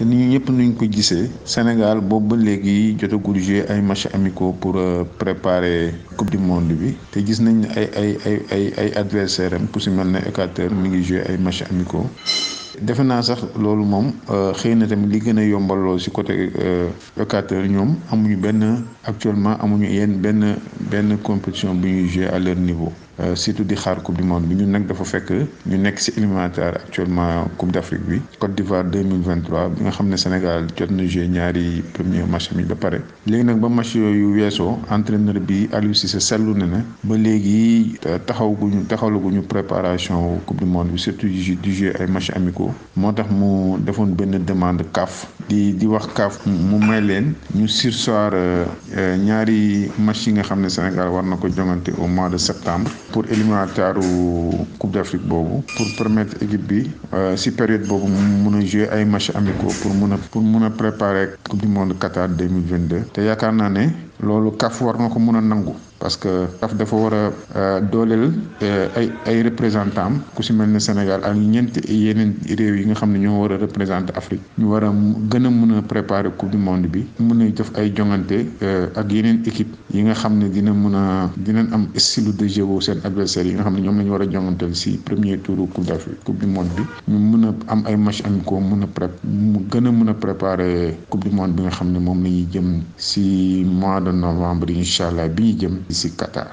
te ni ñu ñëpp nuñ ko gisee Sénégal boobu ba léegi jotagul jouer ay match amicaux pour euh, préparer coupe du monde bi te gis nañ ne ay ay ay ay ay adversaire am ku si mel ne Équateur mi ngi jouer ay match amicaux defe naa sax loolu moom euh, xëy na tamit li gën a yombal loolu si côté euh, Équateur ñoom amuñu benn actuellement amuñu yenn benn benn compétition bu ñuy jouer à leur niveau. Euh, surtout di xaar coupe du monde bi ñun nag dafa fekk ñu nekk ci éliminatoire actuellement coupe d'Afrique bi Côte d'Ivoire 2023 bi nga xam ne Sénégal jot na joué ñaari premier match mi ba pare léegi nag ba match yooyu weesoo entraîneur bi Aliou Cissé seetlu na ne ba léegi euh, taxaw guñu taxawlaguñu préparation coupe du monde bi surtout di joué ay match amicaux moo tax mu defoon benn demande CAF di di wax kaaf mu may leen ñu sursoir euh, euh, ñaari match yi nga xam ne Sénégal war na ko jongante au mois de septembre pour éliminatoiru Coupe d'Afrique boobu pour permettre équipe bi euh, si période boobu mun a jouer ay match amicaux pour mun a pour mun a préparer Coupe du monde Qatar 2022 te yaakaar naa ne loolu CAF war na ko mën a nangu parce que CAF dafa war a euh, dooleel euh, ay ay représentants ku si mel ni Sénégal ak ñeent yeneen réew yi nga xam ne ñoo war a représenter Afrique ñu war a gën a mun a préparer coupe bi mun a def ay jongante euh, ak yeneen équipe yi nga xam ne dina mun a dinañ am style de jeu seen adversaires yi nga xam ne ñoom la ñu war a jonganteel si premier tour coupe d'Afrique du monde bi ñu mun a am ay match amicaux mun a pré mu gën a mun a préparer coupe du monde bi nga xam ne moom la ñuy jëm si mois de mois de novembre incha allah bi ñu jëm ci Qatar.